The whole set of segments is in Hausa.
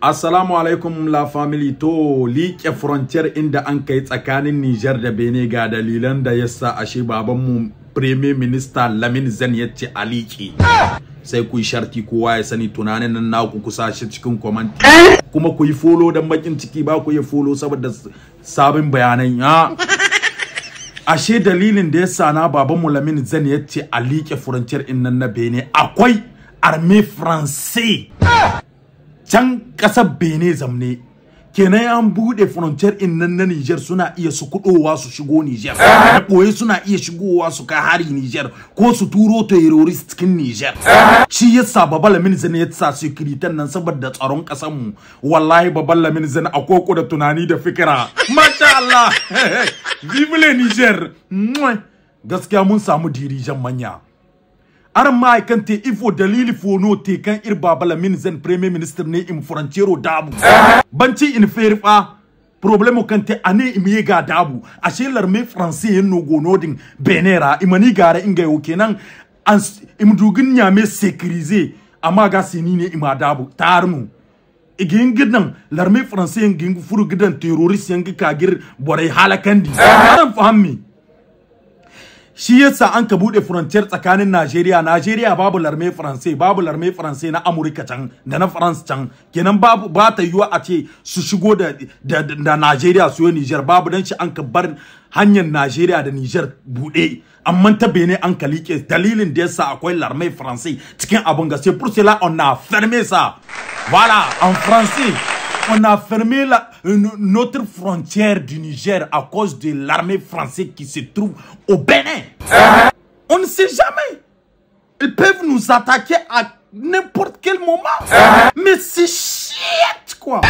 Assalamu alaikum la family to liƙe frontier inda an kai tsakanin Niger da Benin ga dalilan da yasa ashe babanmu Premier Minister Lamin Zen ya ce a liƙe. Sai ku yi sharti kowa ya sani tunanin nan ku kusa shi cikin comment. Kuma ku yi follow don bakin ciki ba ku yi follow saboda sabin bayanan ya. Ashe dalilin da yasa na babanmu Lamin Zen ya ce a liƙe frontier in na Benin akwai armée Française. can ƙasar Benin zamne kenan an bude frontier in nan na Niger suna iya su kudowa su shigo Niger boye suna iya shigowa su kai hari Niger ko su turo terrorist cikin Niger shi yasa babal lamin zan ya sa security nan saboda tsaron ƙasar mu wallahi babal lamin zan akoko da tunani da fikira masha Allah vive Niger gaskiya mun samu dirijan manya har ma kan te ifo dalili fono te kan ir babala min zan premier minister ne im frontiero dabu banci in ferfa problemo kan te ane im ga dabu ashe larme français no gonodin benera imani gara inga yo kenan an im dugin nyame sécuriser amma ga sini ne ima dabu tarmu igin gidan larme français ngin furu gidan terroriste yangi kagir borai halakandi haram fahammi shi yasa an ka bude frontier tsakanin Najeriya Najeriya babu larme France babu larme France na Amurka can da na France can kenan babu ba ta yiwa a ce su shigo da da, da Najeriya su yi Niger babu dan shi an ka bar hanyar Najeriya da Niger bude amma ta bene an ka like dalilin da yasa akwai larme France cikin abun ga sai pour cela on a fermé ça voilà en France On a fermé notre frontière du Niger à cause de l'armée française qui se trouve au Bénin. On ne sait jamais. Ils peuvent nous attaquer à n'importe quel moment. Mais c'est chiant, quoi.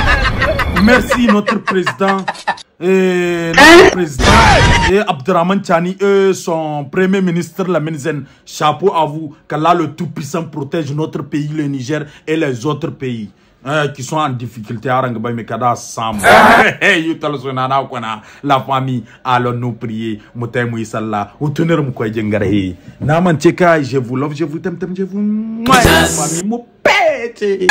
Merci, notre président. Et notre président et Abdurrahman Chani, son premier ministre, la Menzen. Chapeau à vous, là le Tout-Puissant protège notre pays, le Niger, et les autres pays. euh, qui sont en difficulté à Rangbamekada Sam. Yutalsonana Kwana, la famille, allons nous prier. Moutemu Isalla, ou tenir Moukoy Djengarehi. Naman Tcheka, je vous love, je vous t'aime, je vous. Moi, famille, mon pète.